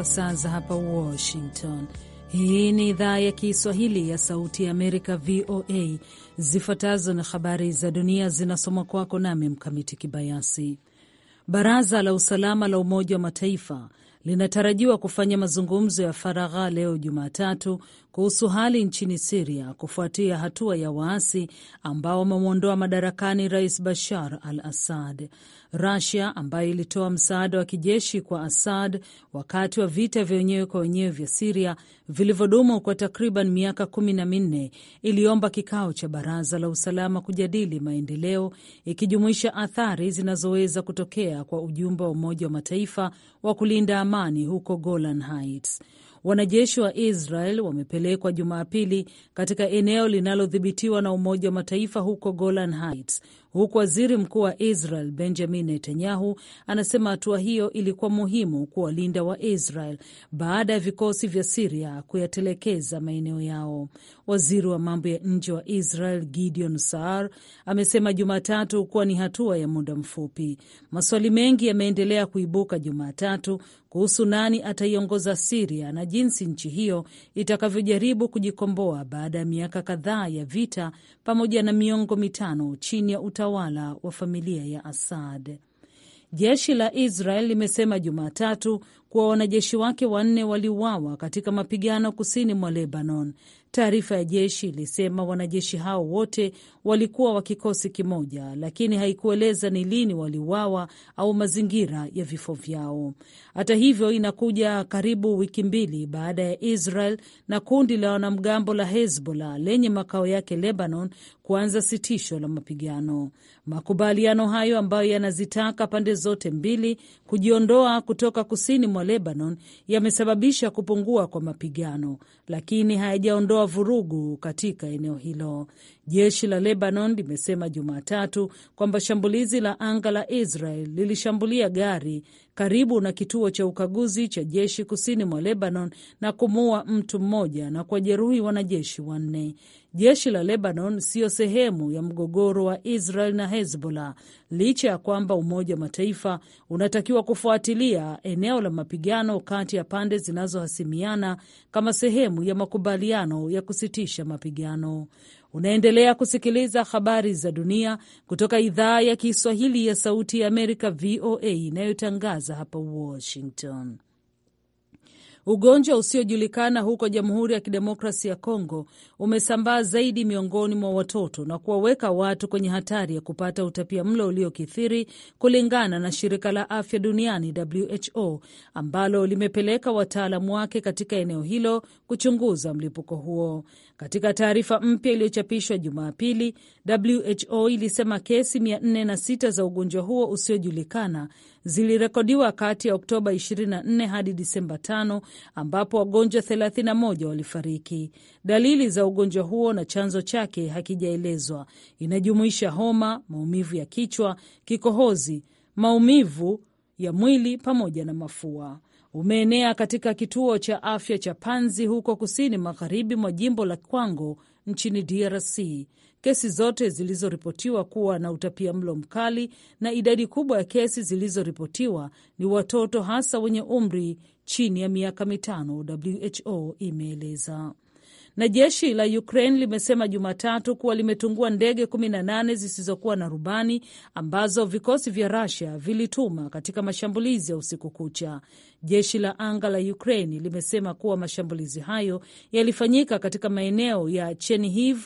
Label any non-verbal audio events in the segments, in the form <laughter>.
kwa saa za hapa Washington. Hii ni idhaa ya Kiswahili ya Sauti ya Amerika, VOA. Zifuatazo na habari za dunia zinasoma kwako nami Mkamiti Kibayasi. Baraza la Usalama la Umoja wa Mataifa linatarajiwa kufanya mazungumzo ya faragha leo Jumatatu kuhusu hali nchini Siria kufuatia hatua ya waasi ambao wamemwondoa madarakani Rais Bashar al Assad. Rusia ambayo ilitoa msaada wa kijeshi kwa Assad wakati wa vita vya wenyewe kwa wenyewe vya Siria vilivyodumu kwa takriban miaka kumi na minne iliomba kikao cha Baraza la Usalama kujadili maendeleo, ikijumuisha athari zinazoweza kutokea kwa ujumbe wa Umoja wa Mataifa wa kulinda amani huko Golan Heights. Wanajeshi wa Israel wamepelekwa Jumapili katika eneo linalodhibitiwa na Umoja wa Mataifa huko Golan Heights, huku waziri mkuu wa Israel Benjamin Netanyahu anasema hatua hiyo ilikuwa muhimu kuwalinda israel baada ya vikosi vya Siria kuyatelekeza maeneo yao. Waziri wa mambo ya nje wa Israel Gideon Saar amesema Jumatatu kuwa ni hatua ya muda mfupi. Maswali mengi yameendelea kuibuka Jumatatu kuhusu nani ataiongoza Siria na jinsi nchi hiyo itakavyojaribu kujikomboa baada ya miaka kadhaa ya vita pamoja na miongo mitano chini ya utawala wa familia ya Assad. Jeshi la Israel limesema Jumatatu kuwa wanajeshi wake wanne waliuawa katika mapigano kusini mwa Lebanon Taarifa ya jeshi ilisema wanajeshi hao wote walikuwa wa kikosi kimoja, lakini haikueleza ni lini waliuawa au mazingira ya vifo vyao. Hata hivyo, inakuja karibu wiki mbili baada ya Israel na kundi la wanamgambo la Hezbollah lenye makao yake Lebanon kuanza sitisho la mapigano. Makubaliano hayo ambayo yanazitaka pande zote mbili kujiondoa kutoka kusini mwa Lebanon yamesababisha kupungua kwa mapigano, lakini hayajaondoa vurugu katika eneo hilo. Jeshi la Lebanon limesema Jumatatu kwamba shambulizi la anga la Israel lilishambulia gari karibu na kituo cha ukaguzi cha jeshi kusini mwa Lebanon na kumuua mtu mmoja na kuwajeruhi wanajeshi wanne jeshi la Lebanon siyo sehemu ya mgogoro wa Israel na Hezbollah, licha ya kwamba Umoja wa Mataifa unatakiwa kufuatilia eneo la mapigano kati ya pande zinazohasimiana kama sehemu ya makubaliano ya kusitisha mapigano. Unaendelea kusikiliza habari za dunia kutoka idhaa ya Kiswahili ya Sauti ya Amerika, VOA, inayotangaza hapa Washington. Ugonjwa usiojulikana huko Jamhuri ya Kidemokrasi ya Kongo umesambaa zaidi miongoni mwa watoto na kuwaweka watu kwenye hatari ya kupata utapia mlo uliokithiri, kulingana na shirika la afya duniani WHO, ambalo limepeleka wataalamu wake katika eneo hilo kuchunguza mlipuko huo. Katika taarifa mpya iliyochapishwa Jumapili, WHO ilisema kesi 406 za ugonjwa huo usiojulikana zilirekodiwa kati ya Oktoba 24 hadi Disemba 5 ambapo wagonjwa 31 walifariki. Dalili za ugonjwa huo na chanzo chake hakijaelezwa. Inajumuisha homa, maumivu ya kichwa, kikohozi, maumivu ya mwili pamoja na mafua. Umeenea katika kituo cha afya cha Panzi huko kusini magharibi mwa jimbo la Kwango nchini DRC, kesi zote zilizoripotiwa kuwa na utapia mlo mkali, na idadi kubwa ya kesi zilizoripotiwa ni watoto, hasa wenye umri chini ya miaka mitano, WHO imeeleza na jeshi la Ukraine limesema Jumatatu kuwa limetungua ndege 18 zisizokuwa na rubani ambazo vikosi vya Rusia vilituma katika mashambulizi ya usiku kucha. Jeshi la anga la Ukraine limesema kuwa mashambulizi hayo yalifanyika katika maeneo ya Chernihiv,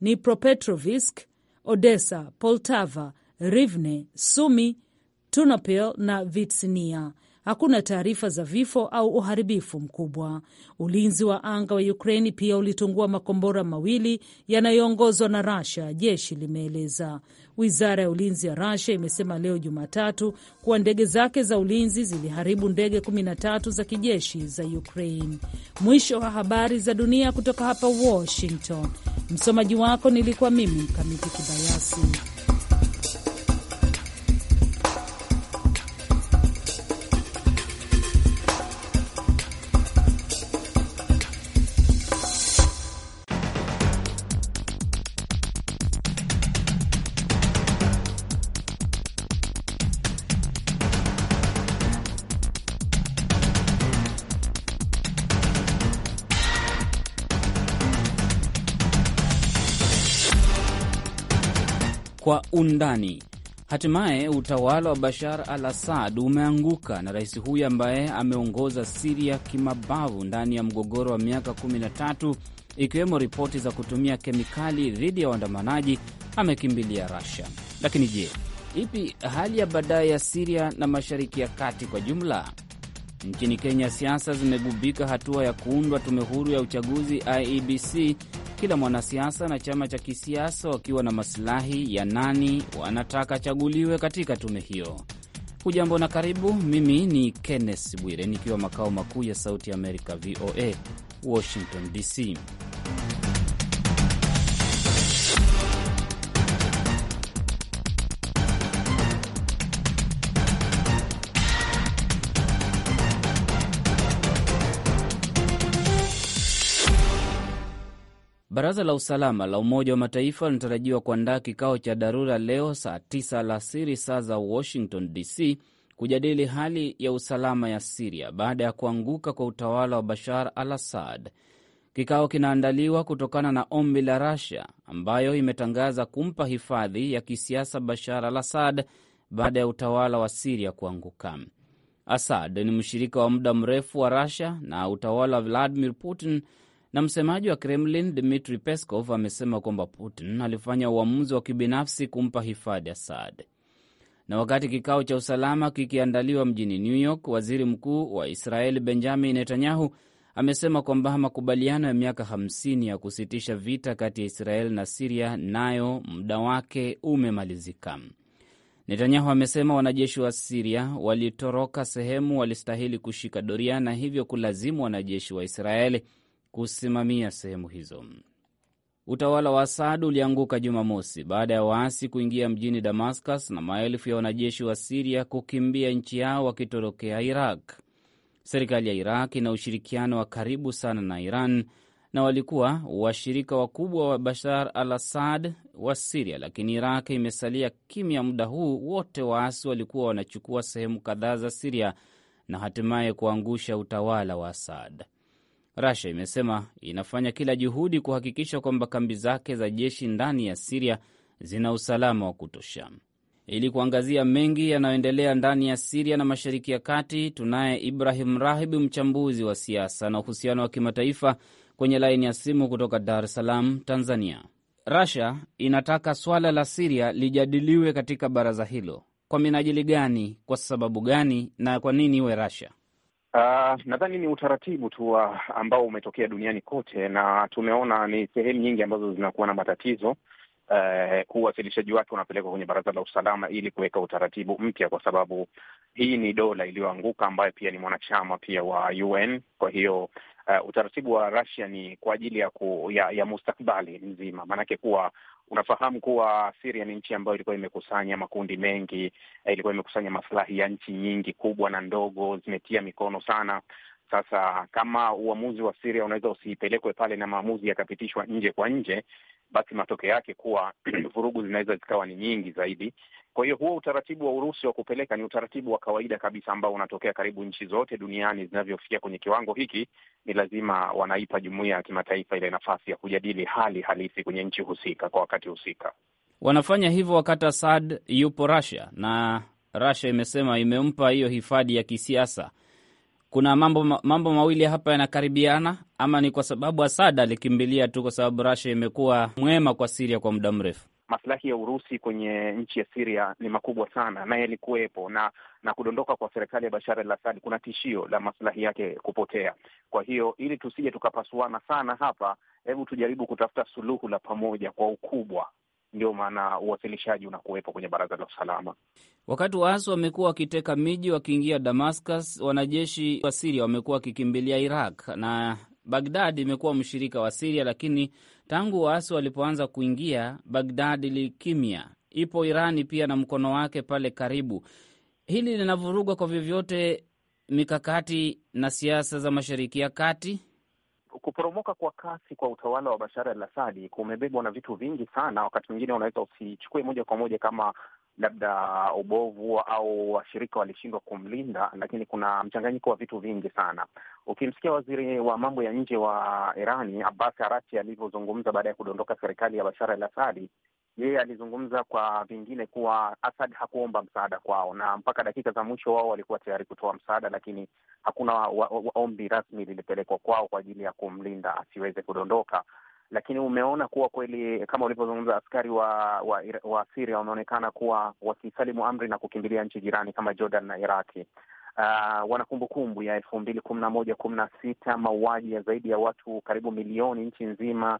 Nipropetrovisk, Odessa, Poltava, Rivne, Sumi, Ternopil na Vitsinia. Hakuna taarifa za vifo au uharibifu mkubwa. Ulinzi wa anga wa Ukraini pia ulitungua makombora mawili yanayoongozwa na Rasha, jeshi limeeleza. Wizara ya ulinzi ya Rasia imesema leo Jumatatu kuwa ndege zake za ulinzi ziliharibu ndege 13 za kijeshi za Ukraine. Mwisho wa habari za dunia kutoka hapa Washington. Msomaji wako nilikuwa mimi Mkamiti Kibayasi. Kwa undani. Hatimaye utawala wa Bashar al Assad umeanguka na rais huyo ambaye ameongoza Siria kimabavu ndani ya mgogoro wa miaka 13 ikiwemo ripoti za kutumia kemikali dhidi ya waandamanaji amekimbilia rusia Lakini je, ipi hali ya baadaye ya Siria na Mashariki ya Kati kwa jumla? Nchini Kenya, siasa zimegubika hatua ya kuundwa tume huru ya uchaguzi IEBC kila mwanasiasa na chama cha kisiasa wakiwa na masilahi ya nani wanataka chaguliwe katika tume hiyo. Hujambo na karibu. Mimi ni Kenneth Bwire nikiwa makao makuu ya Sauti ya Amerika, VOA, Washington DC. Baraza la usalama la Umoja wa Mataifa linatarajiwa kuandaa kikao cha dharura leo saa tisa alasiri saa za Washington DC kujadili hali ya usalama ya Siria baada ya kuanguka kwa utawala wa Bashar al Assad. Kikao kinaandaliwa kutokana na ombi la Rasia ambayo imetangaza kumpa hifadhi ya kisiasa Bashar al Assad baada ya utawala wa Siria kuanguka. Assad ni mshirika wa muda mrefu wa Rasia na utawala wa Vladimir Putin na msemaji wa Kremlin Dmitri Peskov amesema kwamba Putin alifanya uamuzi wa kibinafsi kumpa hifadhi Assad. Na wakati kikao cha usalama kikiandaliwa mjini New York, waziri mkuu wa Israeli Benjamin Netanyahu amesema kwamba makubaliano ya miaka 50 ya kusitisha vita kati ya Israeli na Siria nayo muda wake umemalizika. Netanyahu amesema wanajeshi wa Siria walitoroka sehemu walistahili kushika doria na hivyo kulazimu wanajeshi wa Israeli kusimamia sehemu hizo. Utawala wa Asad ulianguka Jumamosi baada ya waasi kuingia mjini Damascus na maelfu ya wanajeshi wa Siria kukimbia nchi yao wakitorokea Iraq. Serikali ya Iraq ina ushirikiano wa karibu sana na Iran na walikuwa washirika wakubwa wa Bashar al Assad wa Siria, lakini Iraq imesalia kimya muda huu wote. Waasi walikuwa wanachukua sehemu kadhaa za Siria na hatimaye kuangusha utawala wa Assad rasia imesema inafanya kila juhudi kuhakikisha kwamba kambi zake za jeshi ndani ya Siria zina usalama wa kutosha. Ili kuangazia mengi yanayoendelea ndani ya Siria na Mashariki ya Kati, tunaye Ibrahim Rahib, mchambuzi wa siasa na uhusiano wa kimataifa kwenye laini ya simu kutoka Dar es Salaam, Tanzania. Russia inataka swala la Siria lijadiliwe katika baraza hilo. Kwa minajili gani? Kwa sababu gani? Na kwa nini iwe rasia Uh, nadhani ni utaratibu tu ambao umetokea duniani kote, na tumeona ni sehemu nyingi ambazo zinakuwa na matatizo uh, uwasilishaji wake unapelekwa kwenye Baraza la Usalama ili kuweka utaratibu mpya, kwa sababu hii ni dola iliyoanguka ambayo pia ni mwanachama pia wa UN. Kwa hiyo uh, utaratibu wa Russia ni kwa ajili ya, ku, ya, ya mustakbali mzima, maanake kuwa unafahamu kuwa Syria ni nchi ambayo ilikuwa imekusanya makundi mengi, eh, ilikuwa imekusanya maslahi ya nchi nyingi kubwa na ndogo, zimetia mikono sana. Sasa kama uamuzi wa Syria unaweza usiipelekwe pale na maamuzi yakapitishwa nje kwa nje, basi matokeo yake kuwa <clears throat> vurugu zinaweza zikawa ni nyingi zaidi. Kwa hiyo huo utaratibu wa Urusi wa kupeleka ni utaratibu wa kawaida kabisa ambao unatokea karibu nchi zote duniani zinavyofikia kwenye kiwango hiki. Ni lazima wanaipa jumuiya ya kimataifa ile nafasi ya kujadili hali halisi kwenye nchi husika kwa wakati husika. Wanafanya hivyo wakati Assad yupo Russia, na Russia imesema imempa hiyo hifadhi ya kisiasa kuna mambo, mambo mawili hapa yanakaribiana, ama ni kwa sababu Asad alikimbilia tu kwa sababu Rasia imekuwa mwema kwa Siria kwa muda mrefu? Maslahi ya Urusi kwenye nchi ya Siria ni makubwa sana, naye alikuwepo na na kudondoka kwa serikali ya Bashar al Assad kuna tishio la maslahi yake kupotea. Kwa hiyo ili tusije tukapasuana sana hapa, hebu tujaribu kutafuta suluhu la pamoja kwa ukubwa ndio maana uwasilishaji unakuwepo kwenye baraza la usalama. Wakati waasi wamekuwa wakiteka miji wakiingia Damascus, wanajeshi wa Siria wamekuwa wakikimbilia Iraq na Bagdad imekuwa mshirika wa Siria, lakini tangu waasi walipoanza kuingia Bagdad ilikimya. Ipo Irani pia na mkono wake pale karibu. Hili linavuruga kwa vyovyote mikakati na siasa za Mashariki ya Kati kuporomoka kwa kasi kwa utawala wa Bashar al Asadi kumebebwa na vitu vingi sana. Wakati mwingine unaweza usichukue moja kwa moja kama labda ubovu au washirika walishindwa kumlinda, lakini kuna mchanganyiko wa vitu vingi sana. Ukimsikia waziri wa mambo ya nje wa Irani Abbas Arachi alivyozungumza baada ya kudondoka serikali ya Bashar al Asadi, yeye alizungumza kwa vingine kuwa Asad hakuomba msaada kwao, na mpaka dakika za mwisho wao walikuwa tayari kutoa msaada, lakini hakuna wa, wa, ombi rasmi lilipelekwa kwao kwa ajili ya kumlinda asiweze kudondoka. Lakini umeona kuwa kweli kama ulivyozungumza, askari wa wa, wa Siria wameonekana kuwa wakisalimu amri na kukimbilia nchi jirani kama Jordan na Iraki. Uh, ah, wana kumbukumbu ya elfu mbili kumi na moja kumi na sita mauaji ya zaidi ya watu karibu milioni nchi nzima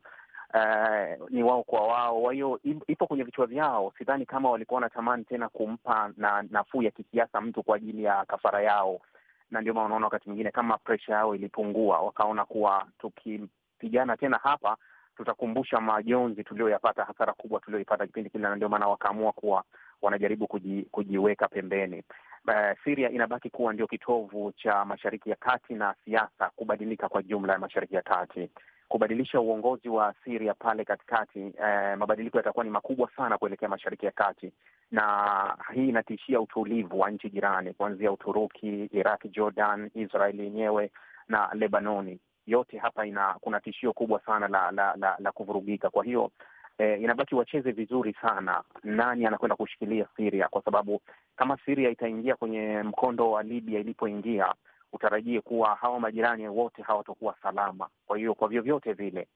uh, ni wao kwa wao. Kwa hiyo ipo kwenye vichwa vyao, sidhani kama walikuwa wanatamani tena kumpa na nafuu ya kisiasa mtu kwa ajili ya kafara yao, na ndio maana unaona wakati mwingine kama presha yao ilipungua, wakaona kuwa tukipigana tena hapa tutakumbusha majonzi tuliyoyapata, hasara kubwa tuliyoipata kipindi kile, na ndio maana wakaamua kuwa wanajaribu kuji, kujiweka pembeni. Uh, Syria inabaki kuwa ndio kitovu cha Mashariki ya Kati na siasa kubadilika kwa jumla ya Mashariki ya Kati kubadilisha uongozi wa siria pale katikati, eh, mabadiliko yatakuwa ni makubwa sana kuelekea mashariki ya kati, na hii inatishia utulivu wa nchi jirani kuanzia Uturuki, Iraq, Jordan, Israeli yenyewe na Lebanoni. Yote hapa ina kuna tishio kubwa sana la la la, la kuvurugika. Kwa hiyo eh, inabaki wacheze vizuri sana nani anakwenda kushikilia siria kwa sababu kama siria itaingia kwenye mkondo wa Libya ilipoingia utarajie kuwa hawa majirani wote hawatakuwa salama. Kwa hiyo kwa vyovyote vile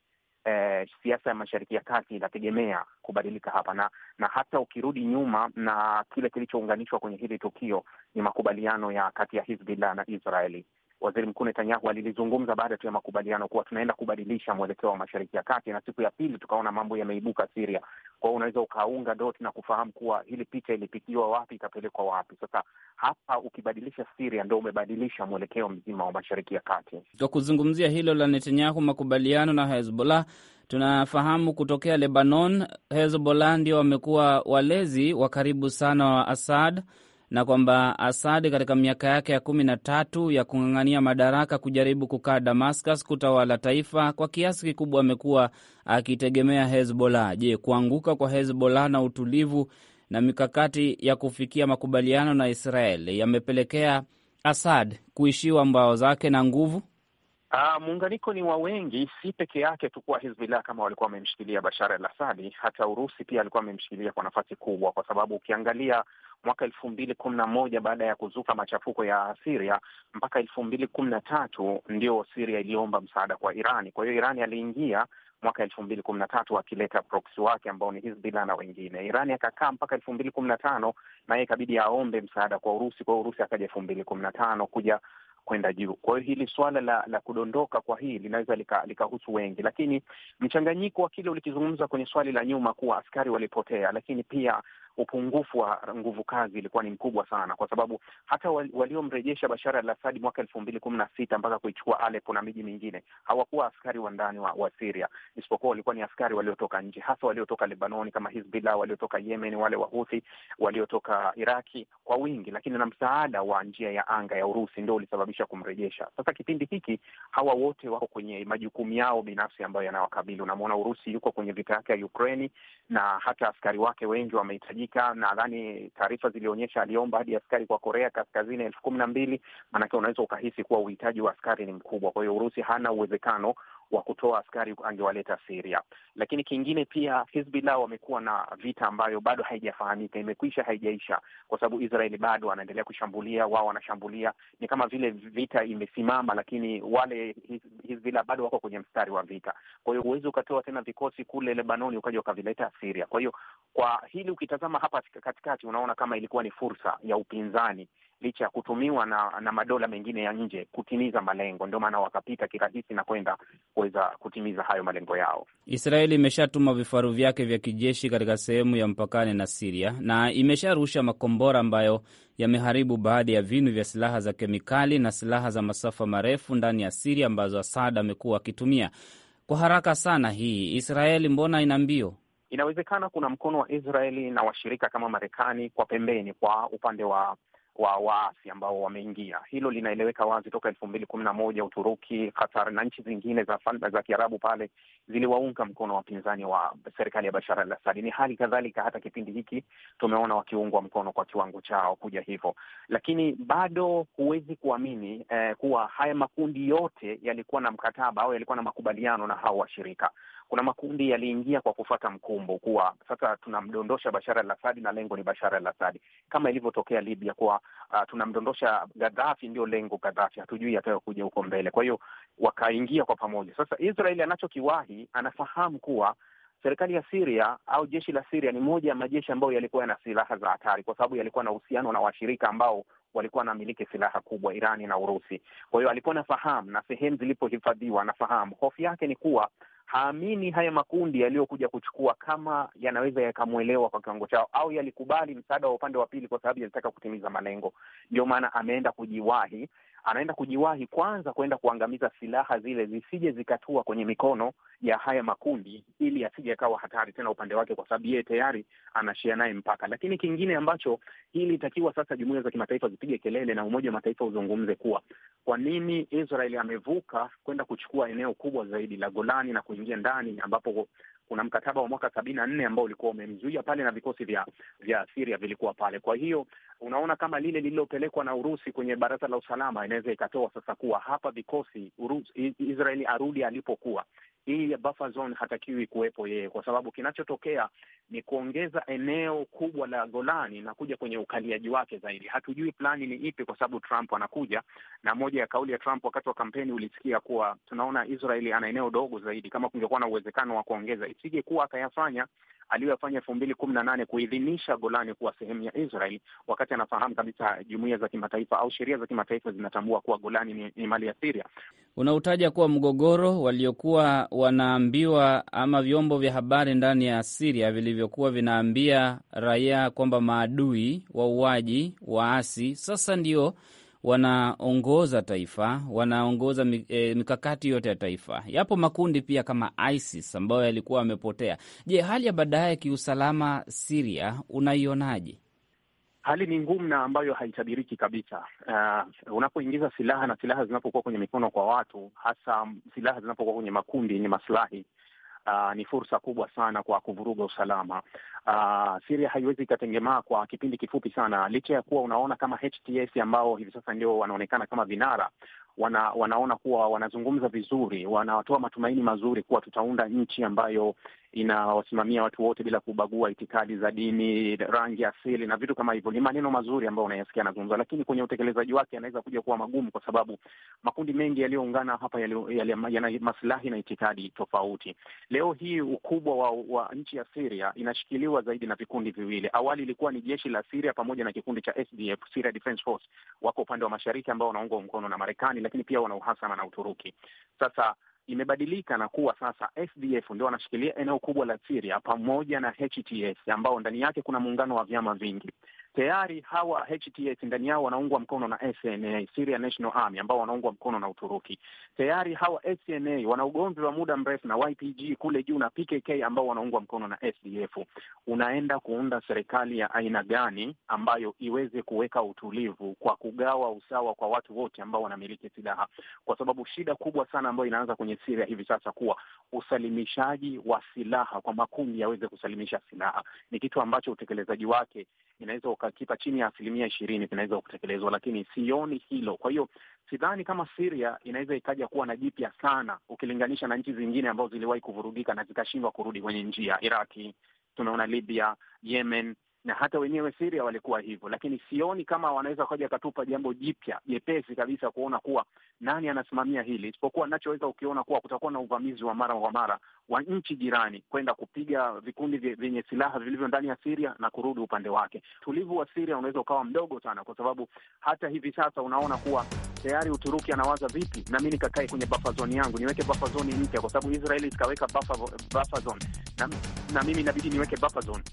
eh, siasa ya Mashariki ya Kati inategemea kubadilika hapa na, na hata ukirudi nyuma na kile kilichounganishwa kwenye hili tukio ni makubaliano ya kati ya Hizbullah na Israeli Waziri Mkuu Netanyahu alilizungumza baada tu ya makubaliano kuwa tunaenda kubadilisha mwelekeo wa Mashariki ya Kati, na siku ya pili tukaona mambo yameibuka Siria. Kwa hiyo unaweza ukaunga dot na kufahamu kuwa hili picha ilipigiwa wapi, itapelekwa wapi. Sasa hapa ukibadilisha Siria ndo umebadilisha mwelekeo mzima wa Mashariki ya Kati. Kwa kuzungumzia hilo la Netanyahu, makubaliano na Hezbollah, tunafahamu kutokea Lebanon, Hezbollah ndio wamekuwa walezi wa karibu sana wa Assad na kwamba Asad katika miaka yake ya kumi na tatu ya kung'ang'ania madaraka kujaribu kukaa Damascus kutawala taifa kwa kiasi kikubwa amekuwa akitegemea Hezbollah. Je, kuanguka kwa Hezbollah na utulivu na mikakati ya kufikia makubaliano na Israel yamepelekea Asad kuishiwa mbao zake na nguvu? Uh, muunganiko ni wa wengi, si peke yake tu kuwa Hizbullah kama walikuwa wamemshikilia Bashar al asadi Hata Urusi pia alikuwa amemshikilia kwa nafasi kubwa, kwa sababu ukiangalia mwaka elfu mbili kumi na moja baada ya kuzuka machafuko ya siria mpaka elfu mbili kumi na tatu ndio siria iliomba msaada kwa Irani. Kwa hiyo Irani aliingia mwaka elfu mbili kumi na tatu akileta proksi wake ambao ni Hizbullah na wengine. Irani akakaa mpaka elfu mbili kumi na tano na yeye ikabidi aombe msaada kwa Urusi. Kwa hiyo Urusi akaja elfu mbili kumi na tano kuja kwenda juu. Kwa hiyo hili suala la la kudondoka kwa hii linaweza likahusu lika wengi, lakini mchanganyiko wa kile ulikizungumza kwenye swali la nyuma kuwa askari walipotea, lakini pia upungufu wa nguvu kazi ilikuwa ni mkubwa sana, kwa sababu hata waliomrejesha Bashar al Assad mwaka elfu mbili kumi na sita mpaka kuichukua Alepo na miji mingine hawakuwa askari wa ndani wa, wa Siria, isipokuwa walikuwa ni askari waliotoka nje, hasa waliotoka Lebanoni kama Hizbullah, waliotoka Yemen wale Wahuthi, waliotoka Iraki kwa wingi, lakini na msaada wa njia ya anga ya Urusi ndio ulisababisha kumrejesha. Sasa kipindi hiki hawa wote wako kwenye majukumu yao binafsi ambayo yanawakabili. Unamwona Urusi yuko kwenye vita yake ya Ukraini na hata askari wake wengi wamehitaji kufanyika. Nadhani taarifa zilionyesha aliomba hadi askari kwa Korea Kaskazini elfu kumi na mbili maanake unaweza ukahisi kuwa uhitaji wa askari ni mkubwa. Kwa hiyo Urusi hana uwezekano wa kutoa askari angewaleta Siria. Lakini kingine pia, Hizbullah wamekuwa na vita ambayo bado haijafahamika, imekwisha haijaisha, kwa sababu Israeli bado anaendelea kushambulia, wao wanashambulia. Ni kama vile vita imesimama, lakini wale Hizbullah bado wako kwenye mstari wa vita. Kwa hiyo huwezi ukatoa tena vikosi kule Lebanoni ukaja ukavileta siria Kwa hiyo kwa hili ukitazama hapa katikati, unaona kama ilikuwa ni fursa ya upinzani licha ya kutumiwa na, na madola mengine ya nje kutimiza malengo. Ndio maana wakapita kirahisi na kwenda kuweza kutimiza hayo malengo yao. Israeli imeshatuma vifaru vyake vya kijeshi katika sehemu ya mpakani na Siria na imesharusha makombora ambayo yameharibu baadhi ya vinu vya silaha za kemikali na silaha za masafa marefu ndani ya Siria ambazo Asad amekuwa akitumia kwa haraka sana. Hii Israeli mbona ina mbio? Inawezekana kuna mkono wa Israeli na washirika kama Marekani kwa pembeni, kwa upande wa wa waasi ambao wameingia. Hilo linaeleweka wazi toka elfu mbili kumi na moja. Uturuki, Qatar na nchi zingine za falme za Kiarabu pale ziliwaunga mkono wapinzani wa serikali ya Bashar al asadi Ni hali kadhalika hata kipindi hiki tumeona wakiungwa mkono kwa kiwango chao kuja hivyo, lakini bado huwezi kuamini eh, kuwa haya makundi yote yalikuwa na mkataba au yalikuwa na makubaliano na hao washirika kuna makundi yaliingia kwa kufata mkumbo kuwa sasa tunamdondosha bashara al Asadi na lengo ni bashara al Asadi, kama ilivyotokea Libya kuwa uh, tunamdondosha Gadhafi, ndio lengo Gadhafi, hatujui atayokuja huko mbele. Kwa hiyo wakaingia kwa pamoja. Sasa Israeli anachokiwahi, anafahamu kuwa serikali ya siria au jeshi la siria ni moja ya majeshi ambayo yalikuwa yana silaha za hatari, kwa sababu yalikuwa na uhusiano na washirika ambao walikuwa wanamiliki silaha kubwa, Irani na Urusi. Kwa hiyo alikuwa nafahamu na sehemu zilipohifadhiwa, anafahamu. Hofu yake ni kuwa haamini haya makundi yaliyokuja kuchukua kama yanaweza yakamwelewa kwa kiwango chao, au yalikubali msaada wa upande wa pili kwa sababu yalitaka kutimiza malengo. Ndio maana ameenda kujiwahi, anaenda kujiwahi kwanza kwenda kuangamiza silaha zile zisije zikatua kwenye mikono ya haya makundi, ili asije akawa hatari tena upande wake, kwa sababu yeye tayari anashia naye mpaka. Lakini kingine ambacho hii litakiwa sasa jumuia za kimataifa wapige kelele na Umoja wa Mataifa uzungumze kuwa kwa nini Israel amevuka kwenda kuchukua eneo kubwa zaidi la Golani na kuingia ndani ambapo kuna mkataba wa mwaka sabini na nne ambao ulikuwa umemzuia pale na vikosi vya vya Siria vilikuwa pale. Kwa hiyo unaona kama lile lililopelekwa na Urusi kwenye Baraza la Usalama inaweza ikatoa sasa kuwa hapa vikosi Urusi, Israeli arudi alipokuwa hii ya buffer zone hatakiwi kuwepo yeye, kwa sababu kinachotokea ni kuongeza eneo kubwa la Golani na kuja kwenye ukaliaji wake zaidi. Hatujui plani ni ipi, kwa sababu Trump anakuja na moja ya kauli ya Trump wakati wa kampeni ulisikia kuwa tunaona Israeli ana eneo dogo zaidi, kama kungekuwa na uwezekano wa kuongeza isije kuwa akayafanya aliyoyafanya elfu mbili kumi na nane kuidhinisha Golani kuwa sehemu ya Israel, wakati anafahamu kabisa jumuiya za kimataifa au sheria za kimataifa zinatambua kuwa Golani ni, ni mali ya Siria. Unautaja kuwa mgogoro waliokuwa wanaambiwa ama vyombo vya habari ndani ya Siria vilivyokuwa vinaambia raia kwamba maadui wauaji, waasi sasa ndio wanaongoza taifa, wanaongoza e, mikakati yote ya taifa. Yapo makundi pia kama ISIS ambayo yalikuwa yamepotea. Je, hali ya baadaye kiusalama Siria unaionaje? Hali ni ngumu na ambayo haitabiriki kabisa. Uh, unapoingiza silaha na silaha zinapokuwa kwenye mikono kwa watu, hasa silaha zinapokuwa kwenye makundi yenye maslahi uh, ni fursa kubwa sana kwa kuvuruga usalama. Uh, Syria haiwezi ikatengemaa kwa kipindi kifupi sana, licha ya kuwa unaona kama HTS ambao hivi sasa ndio wanaonekana kama vinara wana, wanaona kuwa wanazungumza vizuri, wanatoa matumaini mazuri kuwa tutaunda nchi ambayo inawasimamia watu wote bila kubagua itikadi za dini, rangi, asili na vitu kama hivyo. Ni maneno mazuri ambayo unayasikia anazungumza, lakini kwenye utekelezaji wake anaweza kuja kuwa magumu, kwa sababu makundi mengi yaliyoungana hapa yana maslahi na itikadi tofauti. Leo hii ukubwa wa, wa nchi ya Syria inashikiliwa zaidi na vikundi viwili. Awali ilikuwa ni jeshi la Syria pamoja na kikundi cha SDF, Syria Defense Force, wako upande wa mashariki ambao wanaungwa mkono na Marekani, lakini pia wana uhasama na Uturuki. Sasa imebadilika na kuwa sasa SDF ndio wanashikilia eneo kubwa la siria pamoja na HTS ambao ndani yake kuna muungano wa vyama vingi tayari hawa HTS ndani yao wanaungwa mkono na SNA, Syria National Army, ambao wanaungwa mkono na Uturuki. Tayari hawa SNA wana ugomvi wa muda mrefu na YPG kule juu na PKK ambao wanaungwa mkono na SDF. Unaenda kuunda serikali ya aina gani ambayo iweze kuweka utulivu kwa kugawa usawa kwa watu wote ambao wanamiliki silaha? Kwa sababu shida kubwa sana ambayo inaanza kwenye Syria hivi sasa kuwa usalimishaji wa silaha, kwa makundi yaweze kusalimisha silaha, ni kitu ambacho utekelezaji wake inaweza kipa chini ya asilimia ishirini vinaweza kutekelezwa, lakini sioni hilo. Kwa hiyo sidhani kama Syria inaweza ikaja kuwa na jipya sana ukilinganisha na nchi zingine ambazo ziliwahi kuvurugika na zikashindwa kurudi kwenye njia. Iraki tumeona, Libya, Yemen na hata wenyewe Syria walikuwa hivyo, lakini sioni kama wanaweza kaja katupa jambo jipya jepesi kabisa kuona kuwa nani anasimamia hili, isipokuwa nachoweza ukiona kuwa kutakuwa na uvamizi wa mara kwa mara wa nchi jirani kwenda kupiga vikundi vyenye silaha vilivyo ndani ya Syria na kurudi upande wake. Utulivu wa Syria unaweza ukawa mdogo sana, kwa sababu hata hivi sasa unaona kuwa tayari Uturuki anawaza vipi, na mi nikakae kwenye buffer zone yangu niweke buffer zone mpya, kwa sababu Israeli ikaweka buffer zone na, na mimi inabidi niweke buffer zone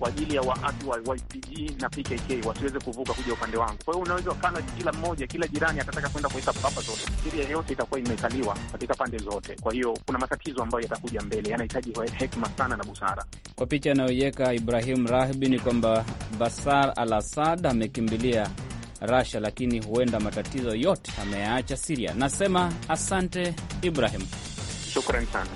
kwa ajili ya waasi wa YPG na PKK wasiweze kuvuka kuja upande wangu. Kwa hiyo unaweza kana kila mmoja, kila jirani atataka kwenda kuweka papa zote, Siria yote itakuwa imekaliwa katika pande zote. Kwa hiyo kuna matatizo ambayo yatakuja mbele, yanahitaji hekima sana na busara. Kwa picha anayoiweka Ibrahim Rahbi ni kwamba Basar al assad amekimbilia Rasha, lakini huenda matatizo yote ameyaacha Siria. Nasema asante Ibrahim, shukrani sana.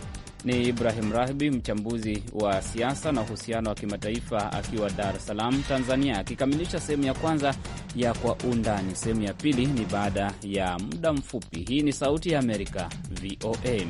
Ni Ibrahim Rahbi, mchambuzi wa siasa na uhusiano wa kimataifa, akiwa Dar es Salaam, Tanzania, akikamilisha sehemu ya kwanza ya Kwa Undani. Sehemu ya pili ni baada ya muda mfupi. Hii ni Sauti ya Amerika, VOA.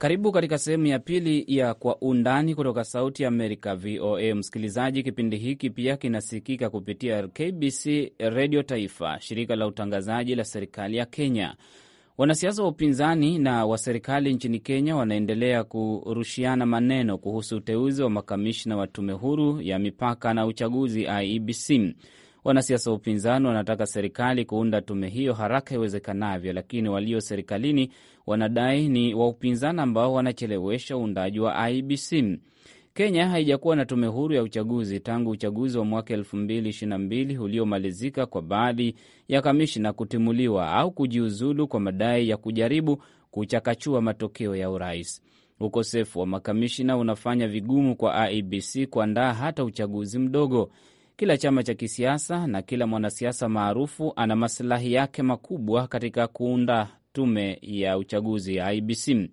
Karibu katika sehemu ya pili ya Kwa Undani kutoka Sauti Amerika, VOA. Msikilizaji, kipindi hiki pia kinasikika kupitia KBC Redio Taifa, shirika la utangazaji la serikali ya Kenya. Wanasiasa wa upinzani na wa serikali nchini Kenya wanaendelea kurushiana maneno kuhusu uteuzi wa makamishna wa tume huru ya mipaka na uchaguzi IEBC. Wanasiasa wa upinzani wanataka serikali kuunda tume hiyo haraka iwezekanavyo, lakini walio serikalini wanadai ni wa upinzani ambao wanachelewesha uundaji wa ibc Kenya haijakuwa na tume huru ya uchaguzi tangu uchaguzi wa mwaka 222 uliomalizika kwa baadhi ya kamishna kutimuliwa au kujiuzulu kwa madai ya kujaribu kuchakachua matokeo ya urais. Ukosefu wa makamishina unafanya vigumu kwa IEBC kuandaa hata uchaguzi mdogo. Kila chama cha kisiasa na kila mwanasiasa maarufu ana masilahi yake makubwa katika kuunda tume ya uchaguzi ya IBC.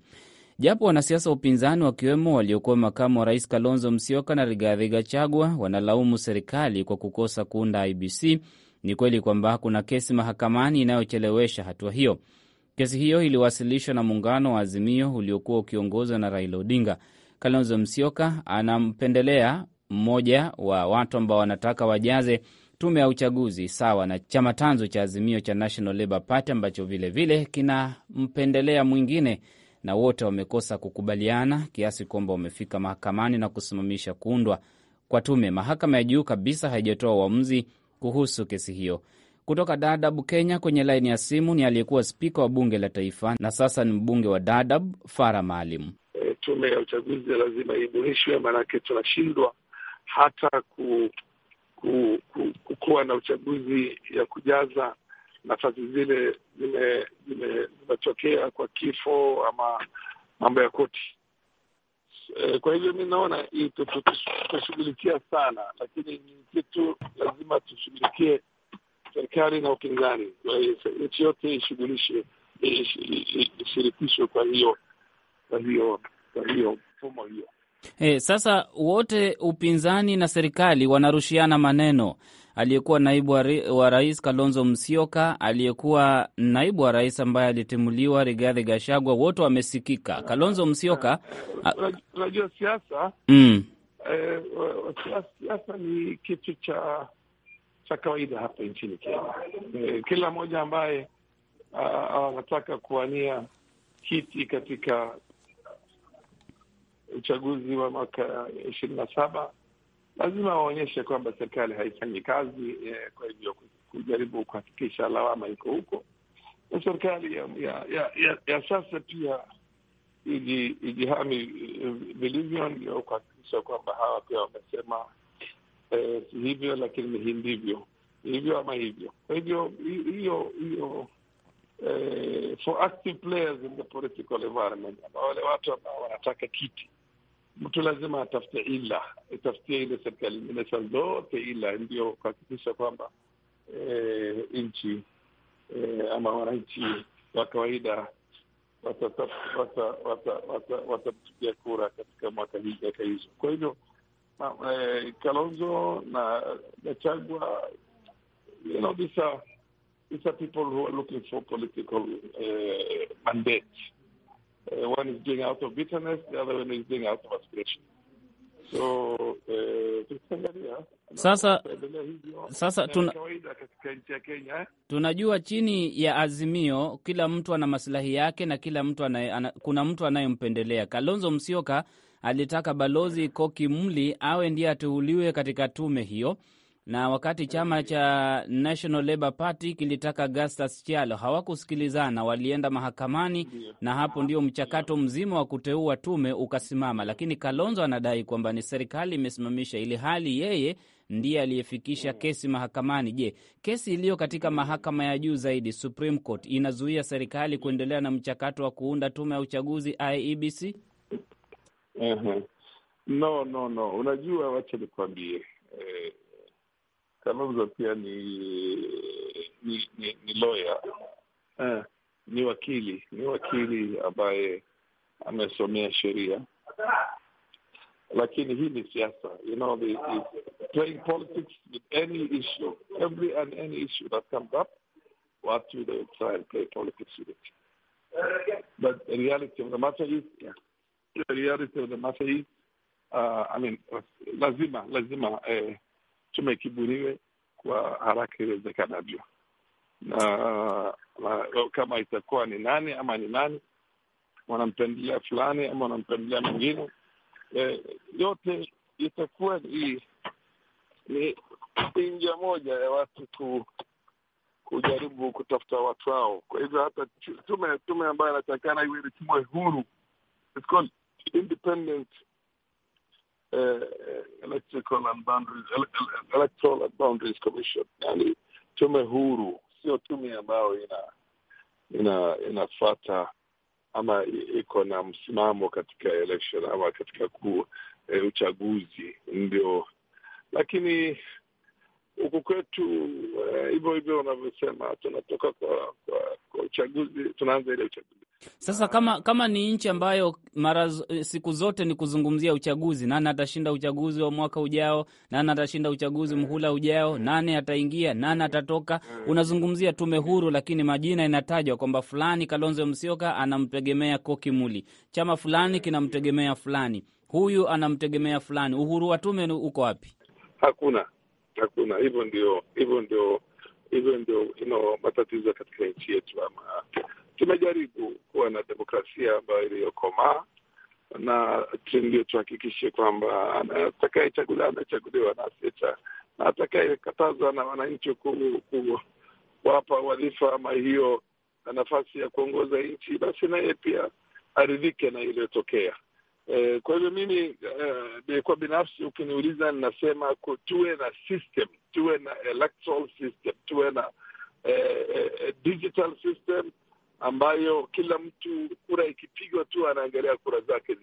Japo wanasiasa wa upinzani wakiwemo waliokuwa makamu wa rais Kalonzo Musyoka na Rigathi Gachagua wanalaumu serikali kwa kukosa kuunda IBC, ni kweli kwamba kuna kesi mahakamani inayochelewesha hatua hiyo. Kesi hiyo iliwasilishwa na muungano wa Azimio uliokuwa ukiongozwa na Raila Odinga. Kalonzo Musyoka anampendelea mmoja wa watu ambao wanataka wajaze tume ya uchaguzi sawa na chama tanzo cha Azimio cha National Labour Party ambacho vilevile kinampendelea mwingine, na wote wamekosa kukubaliana kiasi kwamba wamefika mahakamani na kusimamisha kuundwa kwa tume. Mahakama ya juu kabisa haijatoa uamuzi kuhusu kesi hiyo. Kutoka Dadab, Kenya, kwenye laini ya simu ni aliyekuwa spika wa bunge la taifa na sasa ni mbunge wa Dadab, Fara Maalim. E, tume ya uchaguzi lazima iboreshwe, maanake tunashindwa hata ku, ku, ku, kukuwa na uchaguzi ya kujaza nafasi zile zimetokea kwa kifo ama mambo ya koti. E, kwa hivyo mi naona tutashughulikia sana, lakini ni kitu lazima tushughulikie, serikali na upinzani, nchi yote ishughulishe, ishirikishwe kwa hiyo kwa hiyo kwa hiyo mfumo hiyo. E, sasa wote upinzani na serikali wanarushiana maneno. Aliyekuwa naibu wa rais Kalonzo Musyoka, aliyekuwa naibu wa rais ambaye alitimuliwa Rigathi Gachagua, wote wamesikika. Kalonzo Musyoka, unajua siasa mm. E, siasa ni kitu cha cha kawaida hapa nchini Kenya. E, kila mmoja ambaye anataka kuwania kiti katika uchaguzi wa mwaka ishirini na saba lazima waonyeshe kwamba serikali haifanyi kazi eh. Kwa hivyo kujaribu kuhakikisha lawama iko huko na serikali ya, ya, ya, ya, ya sasa pia ijihami eh, vilivyo, ndio kuhakikisha kwamba hawa pia wamesema eh, hivyo lakini hindivyo hivyo ama hivyo. Kwa hivyo hiyo hiyo eh, for active players in the political environment, wale watu ambao wanataka kiti mtu lazima atafute ila, itafutie ile serikali sa zote ila, ndio kuhakikisha kwamba eh, nchi eh, ama wananchi wa kawaida watatupigia wata, wata, wata, wata, wata kura katika mwaka hii miaka hizo. Kwa hivyo eh, Kalonzo na Gachagua, you know, these are people who are looking for political eh, mandate Uh, one is doing out of bitterness, the other one is doing out of aspiration. So uh, sasa, sasa tuna, eh? tunajua chini ya Azimio kila mtu ana masilahi yake na kila mtu ana, ana, kuna mtu anayempendelea. Kalonzo Musyoka alitaka Balozi Koki Mli awe ndiye ateuliwe katika tume hiyo na wakati chama cha National Labour Party kilitaka Gastas Chialo hawakusikilizana, walienda mahakamani, na hapo ndio mchakato mzima wa kuteua tume ukasimama. Lakini Kalonzo anadai kwamba ni serikali imesimamisha, ili hali yeye ndiye aliyefikisha kesi mahakamani. Je, kesi iliyo katika mahakama ya juu zaidi, Supreme Court, inazuia serikali kuendelea na mchakato wa kuunda tume ya uchaguzi IEBC? No, no, no. Unajua, wacha nikwambie eh Samabuza pia ni ni ni, ni lawyer eh, ni wakili ni wakili ambaye amesomea sheria, lakini hii ni siasa. You know, the, the playing politics with any issue, every and any issue that comes up, watu they try and play politics with it. But the reality of the matter is, yeah. the reality of the matter is, uh, I mean, lazima lazima eh, tume kibuniwe kwa haraka iwezekanavyo, na, la, kama itakuwa ni nani ama ni nani wanampendelea fulani ama wanampendelea mwingine e, yote itakuwa ni ni njia moja ya watu ku, kujaribu kutafuta watu wao. Kwa hivyo hata tume tume ambayo inatakana iwe ni tume huru, it's called independent, eh, Electoral and Boundaries, Electoral and Boundaries Commission, yani tume huru, sio tume ambayo ina ina inafata ama iko na msimamo katika election ama katika ku, e, uchaguzi ndio, lakini huku kwetu eh, hivyo hivyo wanavyosema, tunatoka kwa, kwa, kwa uchaguzi, tunaanza ile uchaguzi sasa. Kama kama ni nchi ambayo mara eh, siku zote ni kuzungumzia uchaguzi, nani atashinda uchaguzi wa mwaka ujao, nani atashinda uchaguzi mhula ujao, nani ataingia, nani atatoka, eh. unazungumzia tume huru, lakini majina inatajwa kwamba fulani Kalonzo Musyoka anamtegemea Muli, chama fulani kinamtegemea fulani, huyu anamtegemea fulani. Uhuru wa tume uko wapi? Hakuna hakuna. Hivyo ndio hivyo ndio hivyo ndio ino matatizo katika nchi yetu. Ama tumejaribu kuwa na demokrasia ambayo iliyokomaa na ndio tuhakikishe kwamba atakayechaguliwa anachaguliwa na asiyecha na atakayekatazwa na wananchi kuwapa wadhifa ama hiyo nafasi ya kuongoza nchi, basi naye pia aridhike na iliyotokea. E, kwa hivyo mimi e, eh, kwa binafsi ukiniuliza, ninasema tuwe na system, tuwe na electoral system, tuwe na e, digital system ambayo kila mtu kura ikipigwa tu anaangalia kura zake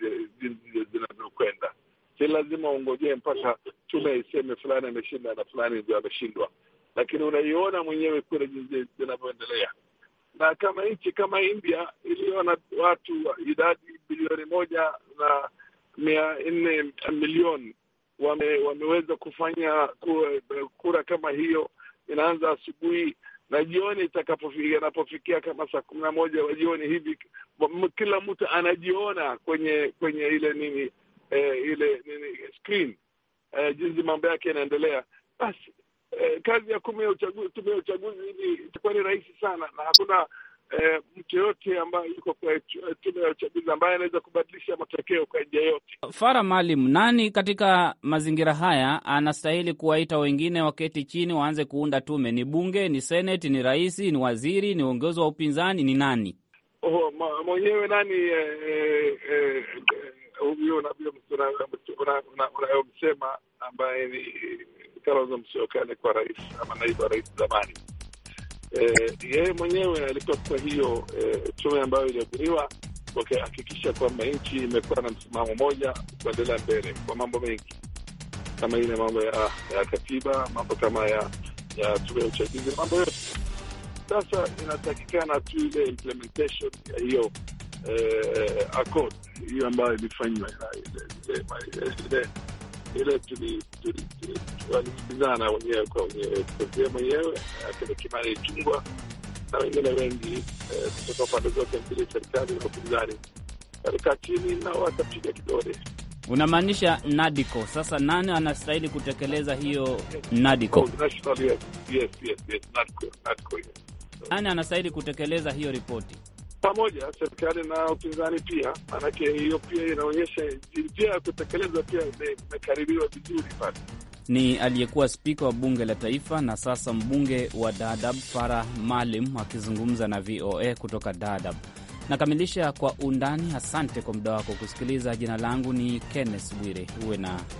zinazokwenda. Si lazima ungojee mpaka tume iseme fulani ameshinda na fulani ndio ameshindwa, lakini unaiona mwenyewe kura jinsi zinavyoendelea na kama nchi kama India iliyo na watu idadi bilioni moja na mia nne milioni wame, wameweza kufanya kura kama hiyo. Inaanza asubuhi na jioni inapofikia kama saa kumi na moja wa jioni hivi, kila mtu anajiona kwenye kwenye ile nini eh, ile nini screen eh, jinsi mambo yake yanaendelea basi eh, kazi ya tume ya uchaguzi hivi itakuwa ni rahisi sana, na hakuna eh, mtu yoyote ambaye yuko kwa tume ya uchaguzi ambaye anaweza kubadilisha matokeo kwa njia yote. Fara Maalim, nani katika mazingira haya anastahili kuwaita wengine waketi chini waanze kuunda tume? Ni bunge, ni seneti, ni rais, ni waziri, ni uongozi wa upinzani, ni nani? Oh, mwenyewe nani eh, eh, huyo unayomsema ambaye ni Kalonzo Musyoka alikuwa rais ama naibu wa rais zamani. E, yeye mwenyewe alikuwa kwa hiyo e, tume ambayo iliyobuniwa wakihakikisha kwamba nchi imekuwa na msimamo moja kuendelea mbele kwa mambo mengi kama ile mambo ya, ya katiba, mambo kama ya ya tume ya uchaguzi, mambo yote. Sasa inatakikana tu ile implementation ya hiyo eh, accord hiyo ambayo ilifanywa ile eh, ile walikimbizana wenyewe kwa wenyewe, kuzia mwenyewe kile Kimani Ichungwa na wengine wengi eh, kutoka pande zote mbili, serikali na upinzani, walikaa chini na wakapiga kidole. Unamaanisha NADICO. Sasa nani anastahili kutekeleza hiyo NADICO? Nani anastahili kutekeleza hiyo ripoti? pamoja, serikali na upinzani pia, maanake hiyo pia inaonyesha njia ya kutekeleza pia imekaribiwa vizuri pale. Ni aliyekuwa spika wa bunge la taifa na sasa mbunge wa Dadab, Farah Maalim akizungumza na VOA kutoka Dadab. Nakamilisha kwa undani. Asante kwa muda wako kusikiliza. Jina langu ni Kenneth Bwire. Uwe na